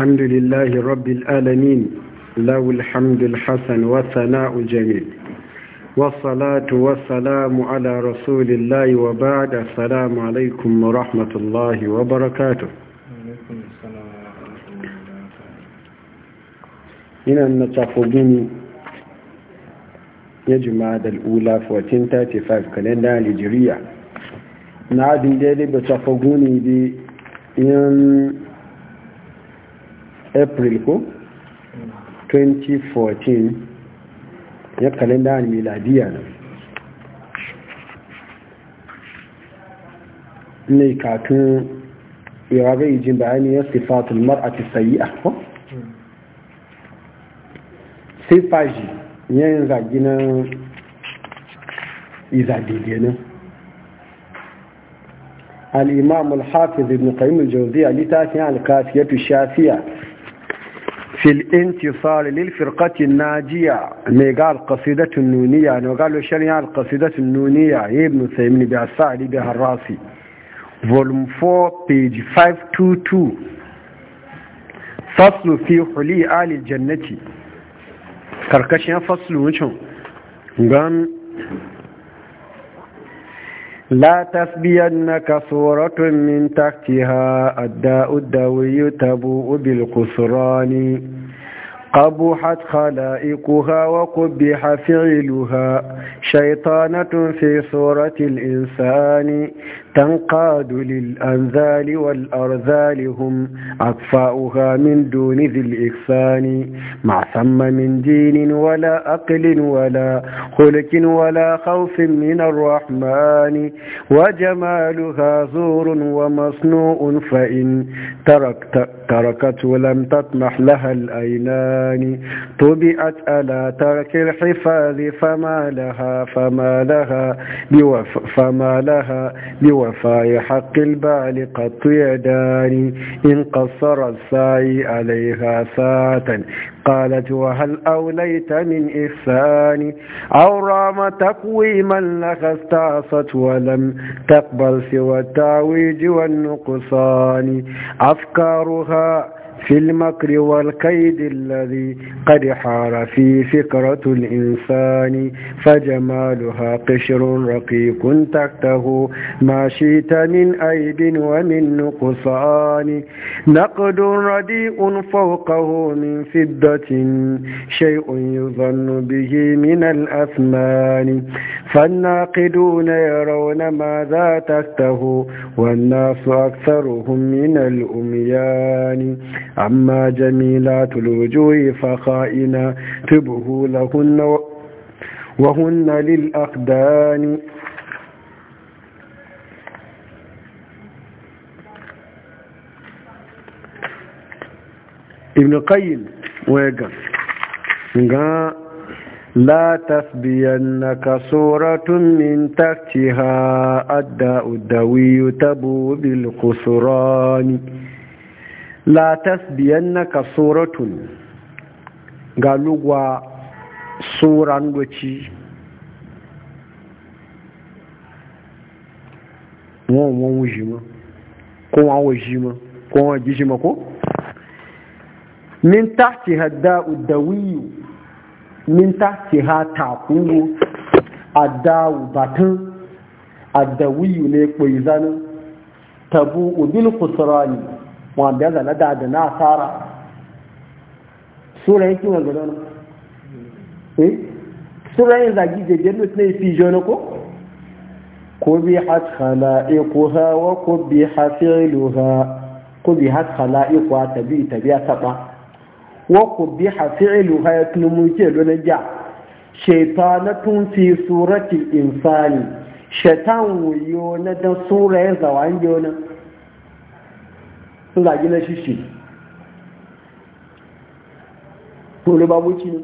الحمد لله رب العالمين له الحمد الحسن والثناء الجميل والصلاة والسلام على رسول الله وبعد السلام عليكم ورحمة الله وبركاته ina na tafo gini ya jima'a da ula 1435 kalenda nigeria na adin daidai ba tafo gini da yin april ko 2014 ya kalenda miladiya na ne kakin irabe jin bayani ya sifatul mar'ati sayi'a ko sifaji yin zagi na izadide na al-imam al-hafiz ibn qayyim al-jawziya litafiyan al-kafiyatu shafiya في الانتصار للفرقة الناجية ميقال قصيدة النونية وشان يعني قصيدة النونية ابن سيمين بها السعدي بها الراسي فولوم 4 بيج 522 فصل في حلي آل الجنة كركشين فصل وشون قام لا تسبينك صورة من تحتها الداء الدوي تبوء بالقسران قبحت خلائقها وقبح فعلها شيطانة في صورة الإنسان تنقاد للأنذال والأرذال هم أطفاؤها من دون ذي الإكفان ما ثم من دين ولا أقل ولا خلق ولا خوف من الرحمن وجمالها زور ومصنوع فإن تركت تركت ولم تطمح لها الأينان طبعت ألا ترك الحفاظ فما لها فما لها بوف فما لها بوف وفاء حق البال قط يدان إن قصر الساي عليها ساعة قالت وهل أوليت من إحسان أو رام تقويما لها استعصت ولم تقبل سوى التعويج والنقصان أفكارها في المكر والكيد الذي قد حار في فكرة الإنسان فجمالها قشر رقيق تحته ما شئت من أيد ومن نقصان نقد رديء فوقه من فضة شيء يظن به من الأثمان فالناقدون يرون ماذا تحته والناس أكثرهم من الأميان أما جميلات الوجوه فخائنا تبه لهن وهن للأقدان ابن القيم ويقف لا تسبينك صورة من تحتها الداء الدوي تبو بالخسران la tasbiyannaka suratun ga lugwa suran doci wọn wọn wuji ma ko wọn wuji ma ko wọn gishi ma ko min tahti hadda udawiyu min ce ha a adawu batun adawiyu ne kpaizanin tabu ubil kusurani wanda na dada da na asara sura yake wanda nan eh sura yin zagi da jannat na ifi jona ko kubihat ha wa kubiha fi'luha kubihat khalaiquha tabi a taba wa kubiha fi'luha yatnu muke lona ja shaytanatun fi surati insani shaitan wuyo na da sura ya zawan jona suna gina shishi babu ci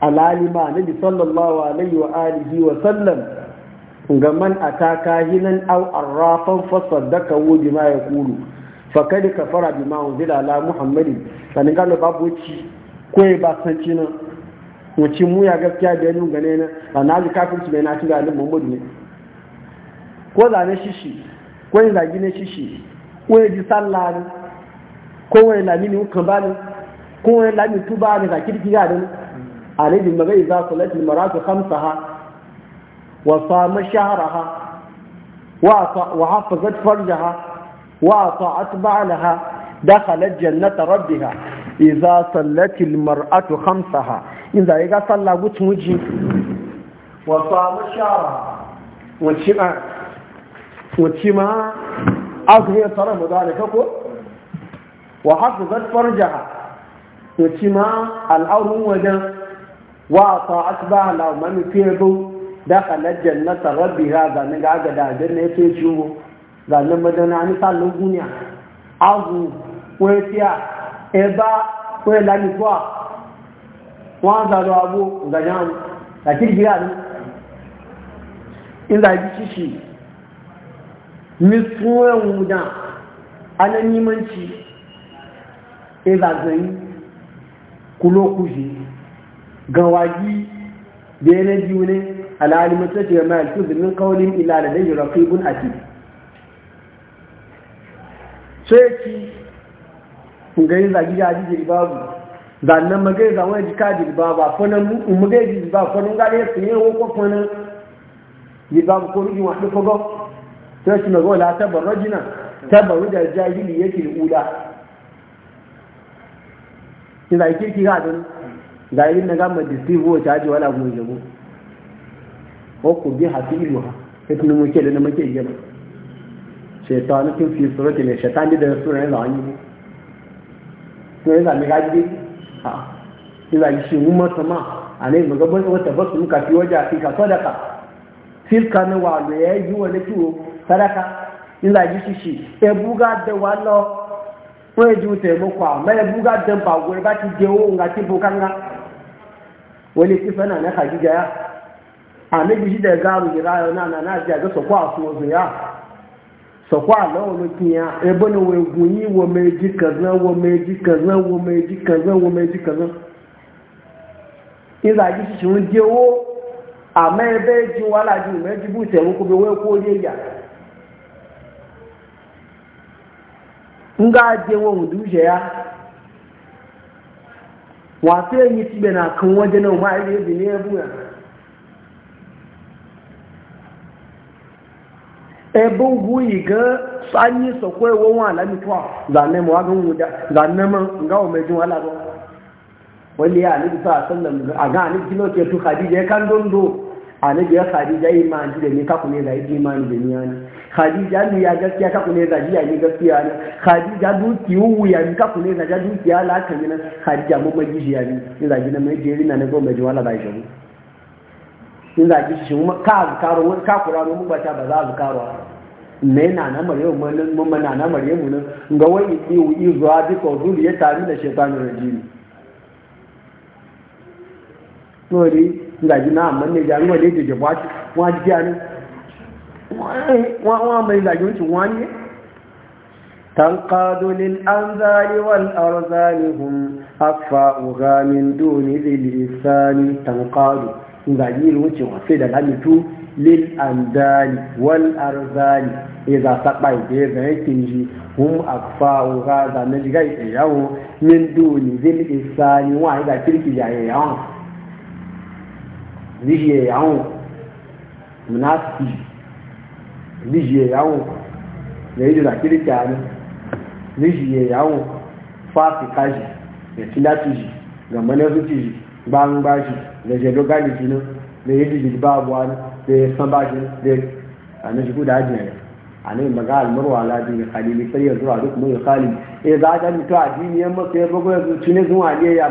alalima na bi sallallahu alaihi wa alihi wa sallam ga man ataka hinan aw arrafan fasaddaka wu ma yaqulu fa fakad kafara bima unzila ala muhammadin ga babu ci ko e ba san cinan wuci mu ya gaskiya da yanin gane na ana ji kafirci bai na ci ga alin muhammadu ne ko ne shishi ko yin da gine shishi wọ́n di sálà ni kó wọ́n ìlàmí ni kàn bá ní kó wọ́n ìlàmí tó bá ní kàkiri àdé ni mẹ́rẹ́ ìzá lẹ́tì mọ̀ràtù hamsa ha wà fa mẹ́ṣára ha wà ha ha wà sọ atubala ha dakhalat jannata rabbiha idza sallati aka yi tsara mu za a ko wa haka zafar jaha ko ci ma wajen wa a sa aka ba al'amani fiye da halajjar na tsarrabi ha ga ni Ga da ajiyar na ya ce ga ni madana ni sa lagunya azu ko ya e ba ko ya lani kuwa wọ́n zàrọ̀ abu ganyanu àti gíga ní ìlàjí ṣíṣì misuwan wuda anan nimanci ebazin kulokushi gawagi da yana biyu ne al'alimata ce mai tuzi min kawalin ila da dai rafibun ati ya ci ngayin zagi ya ji babu zannan magai zawon jika jirba ba fanan magai jirba fanan gare su ne wakwa fanan jirba ko rijin wasu fagon sai shi mago la tabar rajina tabar da jahili yake ula shi da kirki ga don da yin na gama da disibu wata ji wala mu jabo ko ku bi hafilu ha sai mun muke da muke yaba shaytanu kin fi surati ne shaytan da sura ne zani ne da mai gaji ha ki da shi ma sama anai magaban wata basu muka fi waje a fi ka sadaka tilka ne wa ne yayi wani ciwo sadaka ila ji shishi ebu ga da wallo ko e ju te mo kwa ma ebu ga da ba gore ba ti je o nga ti bo kanga wani ti fana na khadija ya a me ji da garu jira yo na na na ja ga so kwa so o ya so kwa lo lo ti ya e bo no we gun yi wo me ji kazan wo me ji kazan wo me ji kazan wo me ji kazan ila ji shishi won je o àmọ́ ẹbẹ́ ju wàhálà ju ìmọ̀ ẹ́jú bùtẹ̀ ń kó bí owó ẹ̀kọ́ ó lè yà nga ndu wa mu duje ya wato yanyi tibe na kan waje na ma ya yi e ne ya buya ebon buyi ga sanyi sakwai wawan alamitwa zane ma wagan wuda zane ma nga wa mai jin wala ba wani ya alibi sa sallam a ga alibi kilo ke tu khadija ya e kan dondo alibi ya khadija imani e da ni ka kuma ya zai imani da ni ya khadija ne ya gaskiya ka kune zaji jiya ni gaskiya ne khadija duki wu ya ni ka kule jadu dukiya la ka ni khadija mu magi jiya ni ni zaji na mai jeri na ne go mai jwala bai jabu ni zaji shi mu ka karo ka kura mu ba ta ba za karo ne na na maryamu mun mun na na mu nan ga wai yi wu izwa bi ko zuri ya tare da shaytanir rajim nori ngaji na amma ne jaru wa je ke jabu wa ji ani wọ́n mẹ́ ìlàjò tí wọ́n ní tankado ní anzari wal arzari hun afa ugamin dóni lil isani tankado ìgbàjí ìlú tí wọ́n fẹ́ dàdá mi tó lil anzari wal arzari ìzà sápa ìgbẹ́ bẹ̀rẹ̀ kìí hun afa ugaza mẹ́jìgá ìyàwó ní dóni lil isani wọ́n àyíká kìrìkì ìyàwó mùnáfíì miji yawo ya yi da kiri tare miji ya yawo fafi kaji ya tilati ji ga manazu ci ji ban bashi da jedo gani jinin da yi jiji ba abuwa da ya san bashi da a na shigo da ajiyar a nan maga almarwa ladi ya khalili sai ya zuwa duk mai khalili eh za ga mutu a dini yan masa ya bugu ya zuci ne zuwa ne ya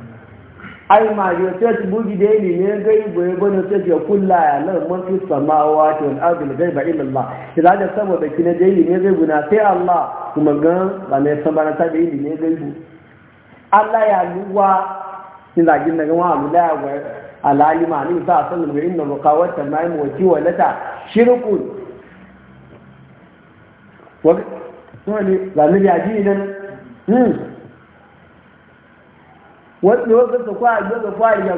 ai ma yo sai bugi da ne ne gai goye bane sai ya kulla ya nan mun fi samawa to al ardi gai ba illa Allah idan da saboda na jayi ne zai guna sai Allah kuma gan ba ne san ba ta da ne gai bu Allah ya luwa shi da gin daga wa Allah ya goye alalima ni sa sallu ga inna muqawata ma mu wati walata shirku wa wani zalimi ajinin hmm wanda wasu su kwa yi da kwa yi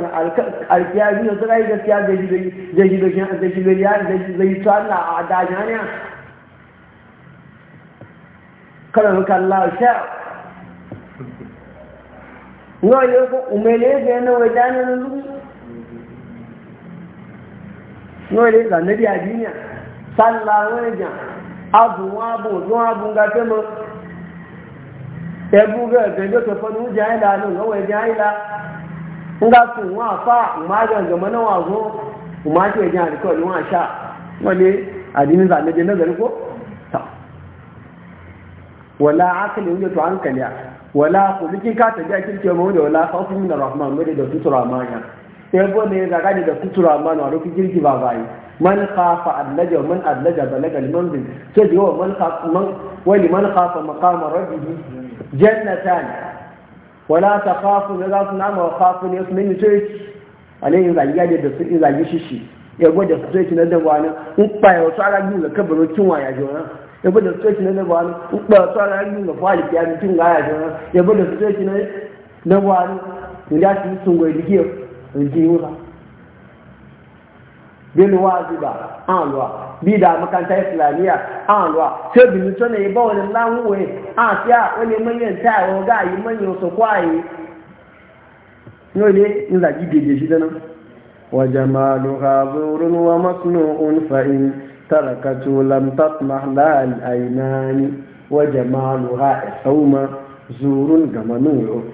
alkiya biyu su kai gaskiya da shi da shi da shi da shi da shi da shi da Allah a dajiya ne kana muka sha no yo ko umele ga na wadana na lu no le ga nabi adinya sallallahu alaihi wasallam abu abu abu ga ẹbú bẹ́ẹ̀ gẹ́gẹ́ tó fọ́nù ń jẹ́ àìlà ló lọ́wọ́ ẹ̀jẹ̀ àìlà ń ga sùn wọn àfa ìmáàjọ ìjọba náà wà fún ìmáàjọ ẹ̀jẹ̀ àdìkọ́ ni wọ́n àṣà wọ́n lé àdínníta méje náà kó tà wọ́lá ákìlì oúnjẹ tó àǹkẹ̀lẹ̀ wọ́lá kò ní kí ká tẹ̀lé ẹ̀kí tí ọmọ oúnjẹ wọ́lá fọ́fún mi nà rahman lórí dọ̀tí tó rahman yẹn ebo ne ga gani da sutura man wa rufi girgi ba bayi man khafa allaja man allaja balaga liman bin sai jiwa man khafa man wali man khafa maqama rabbihi jannatan wala takhafu la ne ma khafu ne yasmin sai alayhi zaliya da su zaliya shishi ebo da su sai na da wani in pa yo tsara gi ga kabaro kinwa ya jona ebo da su sai na da wani in pa tsara gi ga da ya mutun ga ya jona ya da su sai na da wani inda su sun goyi digiyo njiwa bin wajiba an lwa bi da makaranta islamiyya an lwa sai bin to ne ba wani lanwe an siya wani manyan tayo ga yi manyan su kwaye yau ne in zagi daidai shi da nan wa jamalu hazurun wa masnu'un fa'in tarakatu lam tasmah la al-aynani wa sauma zurun gamanun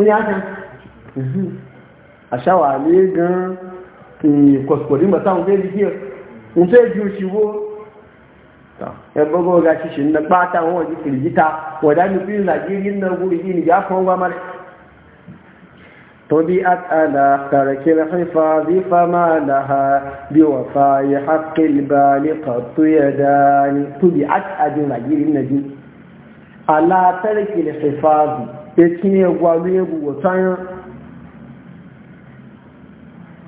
kun yi haka mhm. a ṣáwà gan kọ̀sìkọ̀dí mọ̀tá ń fẹ́ jíkí ń fẹ́ ju ṣíwó ga ṣíṣe ní pátá wọn jí kìrìjítà wọ̀dá ní bí nàìjíríà náà wúrí yìí nìyà fún wa mara طبيعت على ترك الحفاظ فما لها بوفاء حق البال قط يدان طبيعت أجل غير النبي على ترك الحفاظ etinye gwalu egwu wotanya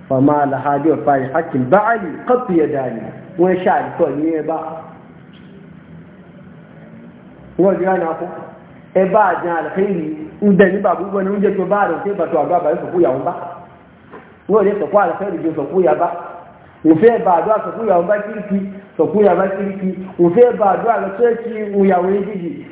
fama alhaji wa fari hakin ba'ali kafi ya dani wani sha alkọ ne ba wọ́n jẹ́ àná kó ẹ bá àjẹ́ àlẹ́kẹ́yìn ndị ndị ní bàbú wọn ni oúnjẹ tó bá àrùn tí bàtọ̀ àgbà bàbá sọ̀kú ìyàwó bá wọ́n lè sọ̀kú àlẹ́kẹ́yìn jọ ya ba bá òfẹ́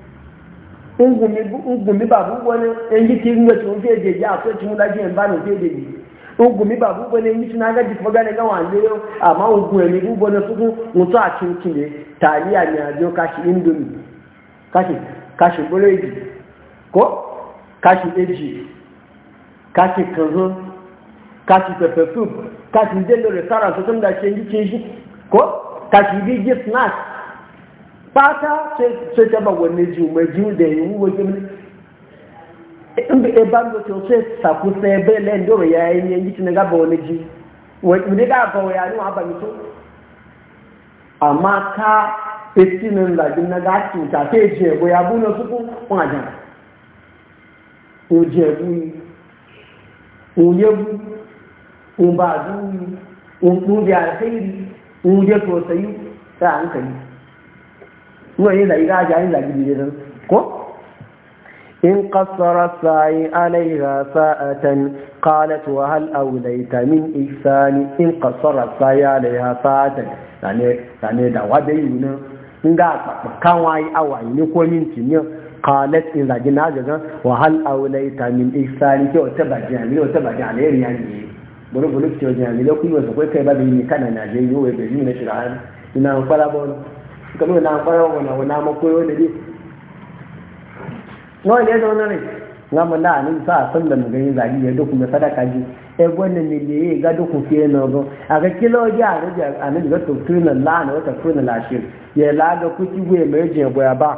ngumi babu wani yanki ti nga ci wuce je ya so mula ba no je je ngumi babu wani yanki na ga jifa gane ga wande yo amma ngun ne bu bona su ku mutu a cin ci ne taliya a jo kashi indomi kashi kashi buredi ko kashi eji kashi kanzo kashi pepper soup kashi dendo so shi kashi snack fata sai jama wani jiwu mai jiwu da yi wajen ne in bi a bango to sai saku sai bai lai doro ya yi ne yi tunaga ba wani ji wani ga ba wa yanu haɓa mito amma ka fitinin lagin na gasi ta ta yi jego ya bu na suku kun a jana ko jego yi ko yi, ko ba zuwi ko kundi alheri ko yi ta hankali wani da iga ajiyar zagi bide da ko in kasara da ita min in kasara sa'ayi alaiha sa'atan na ne da wadda yi wunan yi in zagi na zagan wa hal'au da ita min isani ke wata bajiya ne wata bajiya ne yari yari ne bulu bulu ke wajen yari ne kuma su kai ba ne kana na jayi yi wai bai yi ne hannu kanu na fara wana wana makoyo da dai nawa ne zaune ne na mu na anin sa san da mu gani zagi ya duk mu sadaka ji e eh, gwanin ne ne ga duk fiye na go a ga kilo ji a rija anin ga to tuna la na wata tuna la shi ya la ga kuki gwe mai je boya ba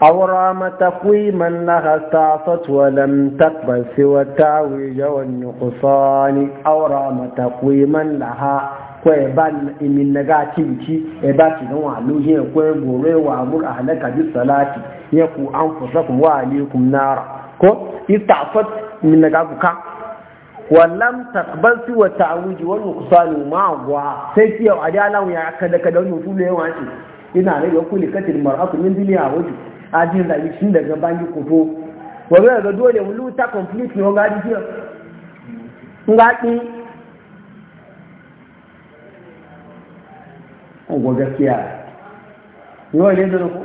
awra matakwi man na hasafat wa lam takbal siwa tawi jawan nuqsani awra matakwi man laha ko ya ba imin na ti ya e ba ci don walo ya ko gore wa amur a halaka bi salati ya ku an fusa ku wa alikum nara ko istafat min na wa lam takbal si wa ta'awuji wa nuqsan ma wa sai ki yau adala ya kada kada mu fulu wa wace ina ne ga kulli katil mar'atu min duniya a ajin da yi shin daga bangi to wa ga dole wulu ta complete ne ga ji ngadi kuma gaskiya yau ne zai ku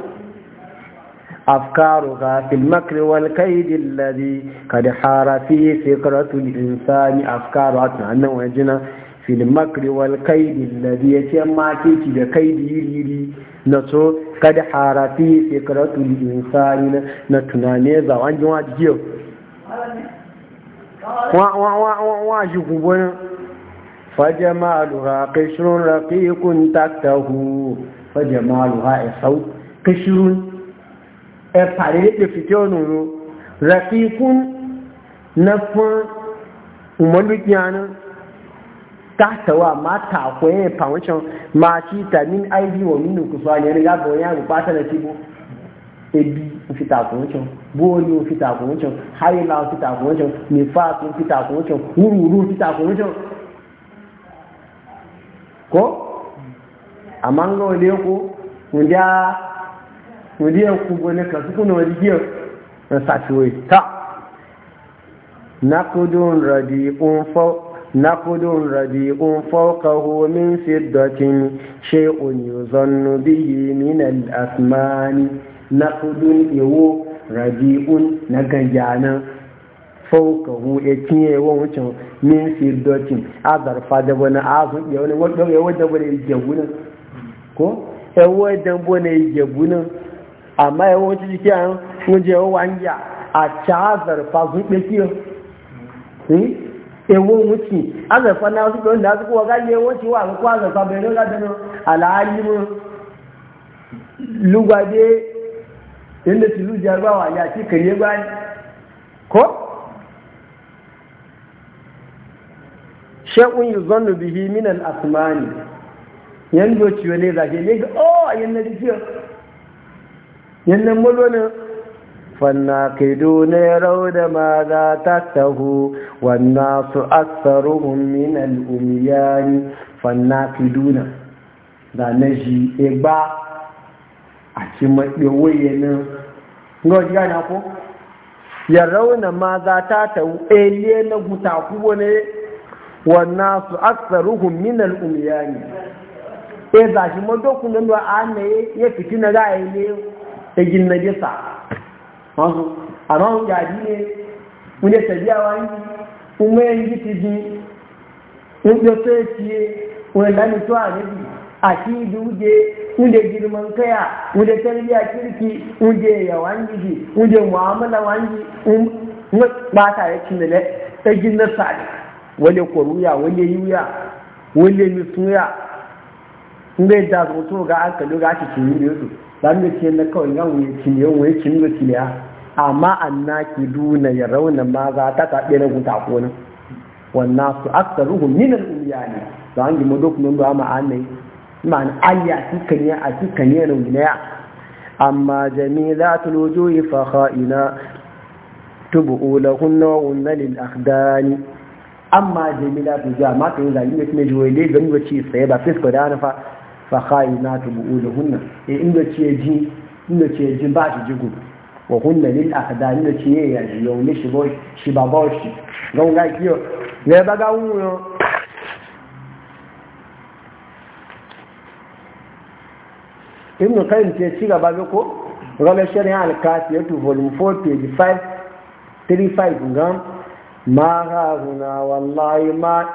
afkaru ga filmakirwal kaidin lari ka da harafi sekaratu insani afkaru a tunanin wajina filmakirwal kaidin lari ya ce makinci da kaidi riri na so ka da harafi sekaratu insani na tunanin zawon jiwa jiyo wa wa wa wa wa shi kubonin فجمالها قشر رقيق تحته فجمالها إصو قشر إبقالي لفتون رقيق نفع وملوكيانا tahtawa ma takwaye foundation ma ci ta min aibi wa min nukusuwa ne ya gaba ya rubata da tibo ebi fi takun can boli fi takun can haila fi takun can nifas fi takun can hururu fi takun can ko amma ga wale ko wanda wanda ku gone ka suku na ta nakudun radi un ta nakudun radi un fo ka hu min siddatin shay'un yuzannu bihi min al-asmani nakudun yawo radi'un na ganjana faukahu ya kiye wa wucin min firdocin azarfa da wani azu ya wani wadda wani jagunan ko ya wadda wani jagunan amma ya wata jiki a yan wuje wa wanja a cazar fa zuɓe kiyo ewo wuce azarfa na a zuɓe wa gaje wuce wa da nan al'alimin lugwade yadda tilu wa ya ce kare ko shekun yi zonu bihi minan asmani yan doci wani zafi ne ga o oh, a yan na jikiyar yan nan ta فالناقدون يرون su تكته والناس أكثرهم من الأميان فالناقدون da na ji egba a ci e waye nan ngoji yana ko ya rauna ma za ta ta eliye na hutaku wane ne wannan su aksaruhum min al-umyani e za shi ma dokun nan da an ya fiti na ga ne ta gin na jisa wasu amma un gadi ne un ya tabiya wani un mai yi ti ji un ya so ya ciye un ya ni to a nabi a ki duje un da girman kaya un da tarbiya kirki un da yawan jiji un da mu'amala wani un ba ta ya cinile ta gin na sa'adi wale koruya wale yuya wale misuya in bai da zo to ga aka lura ta ake cin yi su dan da ke na kawai ga wuye cin yau wuye cin da cin ya amma annaki duna ya rauna ma za ta ta ɗaya guta ko nan wannan su aksaruhu min al-umyani da an gima duk mun ba ma annai ma'an ayya cikin ya a cikin ya raunaya amma jamilatul wujuhi fa kha'ina tubu lahunna wa lil akhdani amma jamila tu ja ma kan yi ne kuma dai gani wace sai ba fisko da anafa fa khainatu buuluhunna e eh, inda ce ji inda ce ji ba shi jigu wa hunna lil aqdani da ce ya ji yau ne shi boy shi ba ba shi gon ga kiyo ne ba ga wuyo ibn qayyim ce ci gaba ga ko gaba shari'a al-kafiyatu volume 4 page 5 35 ngam ما ها هنا والله ما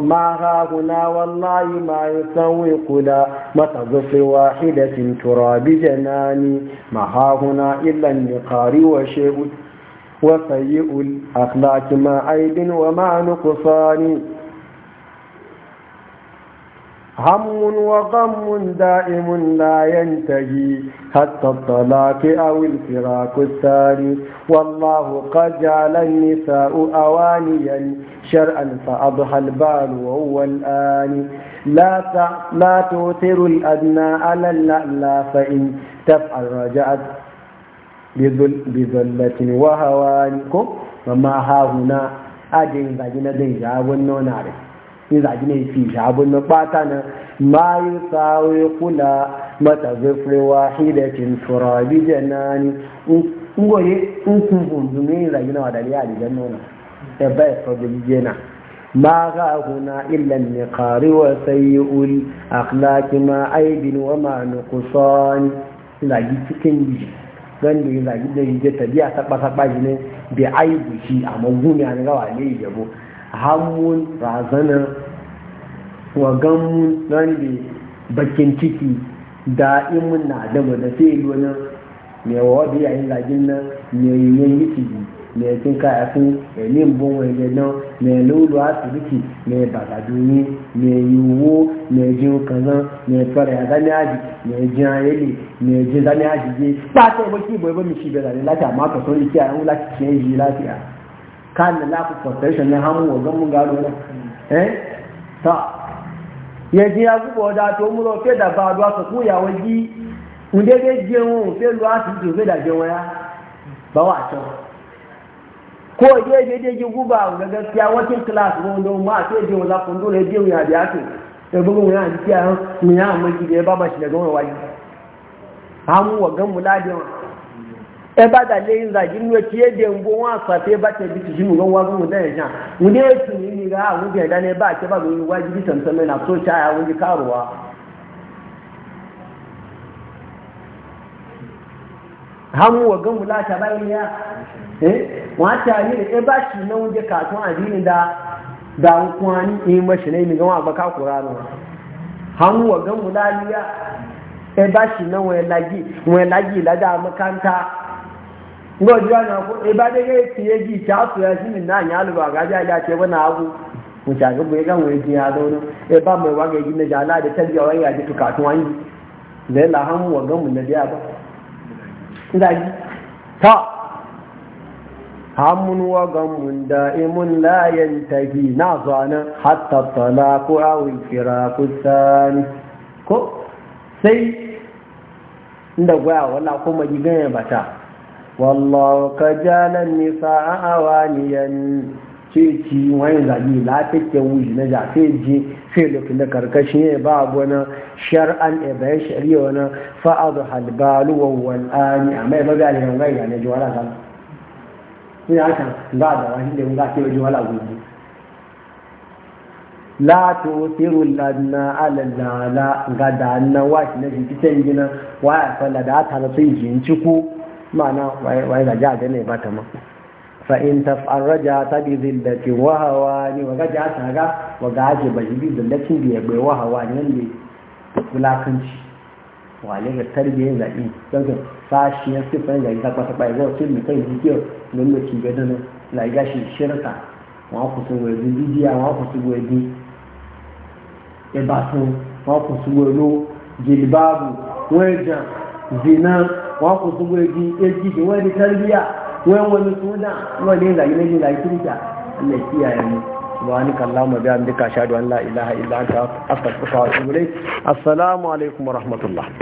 ما ها هنا والله ما يسوي قدا متضف واحدة تراب جناني ما ها هنا إلا النقار وشيء وسيء الأخلاق ما عيب وما نقصان هم وغم دائم لا ينتهي حتى الطلاق أو الفراق الثاني والله قد جعل النساء أوانيا شرعا فأضحى البال وهو الآن لا لا تؤثر الأدنى على الأعلى فإن تفعل رجعت بذلة وهوانكم وما ها هنا أجل بجنة دين جاء ونون عليه sai zagi ne fi shi abin na bata na mayu sawi kula mata zufri wahi da cin turabi janani ngoye nkumbun dume ni zagi na wadari a lijan nuna e ya bai sabu jena ma ga guna illa ni qari wa sayyul akhlaqi ma aibin wa ma nuqsan zagi cikin ji don da zagi da yi ta biya ta ba ta ba ne bi aibu shi amma gumi an ne yi jabo. hamun razana wa gamun nan bakin ciki da'imun na adama da sai yi wani mai wawa da yayin lagin nan mai yiwuwan yiki mai cin kayafu mai limbin wani nan mai lulu asibiti mai bagaduni mai yiwu, mai jin kazan mai fara ya zane aji mai jin ayeli mai jin zane aji je ba ta yi baki bai ba mishi bai zane lafiya ma ka so ni kiyaye mu lafiya ciyen ji lafiya kan da lafi frustration na hamu wajen mun gano na eh ta ya ji ya gubo da to mu ro da ba do so ku ya waji unde ge je won fe lo asi su fe da je ya ba wa to ko je je je ji guba ga gaskiya wakin class mu do ma fe je wala kun dole je ya da to e bugun ya ji ya mu ya mu ji ba ba shi daga wani waji hamu wa gan mu ladin ẹba da lẹ́yìn ìrìnàjò nínú etí èdè ń bọ́ wọn àfàtẹ́ bá tẹ̀bi tìṣí mú wọn wọ́n náà yàn wọn dé ètò yìí nira àwọn oúnjẹ ìdáná a àti ẹba lórí wájú bí tẹ̀mítẹ́mẹ́ náà tó ṣáà àwọn oúnjẹ káàrọ̀ wa. hamu wa gamu láṣà ya ni wọn á ti àyè rẹ ẹba ṣì da da hamu wa gamu ngo jira na ko e ba de ge ti ye ji cha su ya ji min na nya lu ba ga ja ya che bana mu cha ga ga mu ji ya do e ba mu wa ge ji ne ja la de ta wa ya ji tu ka tu yi le la han wa ga mu ne dia ba nda ji ta hamun wa gamun e da'imun la yantahi na zana hatta talaqu aw al thani ko sai inda wala kuma gigan ya bata والله قد جعل النساء عوانيا ce ki wani zagi lafiyar wuji na jafe ji filip da karkashin ya ba gwana shar'an e a shari'a wani fa'adu halbalu wa wal'ani a mai maga alihan gai ga na jiwala ta ne haka ba da wani da ga ke jiwala gudu la to tiru lanna ala ga da na wa na jikin gina ta na ma'ana waye da jaje ne ba ta ma fa in taf'al raja ta bi zillati wa hawani wa gaja ta ga wa gaje ba bi zillatin da ya bai wa hawani nan ne kulakanci wa ne ga tarbiyyar zaɓi don ka sashi ya sifan da ta kwata bai zai tun mutum jikiyar don da ki gado na ga shi shirka wọn kò sí wẹ̀dí dídí àwọn kò sí wẹ̀dí ìbátan wọn kò sí wẹ̀lú jìlìbáàbù wọ́n ẹ̀jà zina wọn kò tó wọ́n di éjì tó wọ́n di tẹ́lifíà wọ́n wọ́n ní tún náà wọ́n ní ìlàyé lẹ́yìn ìlàyé tó jà ilẹ̀ tí a yẹn سبحانك اللهم وبحمدك اشهد ان لا اله الا انت استغفرك واتوب اليك السلام عليكم ورحمه الله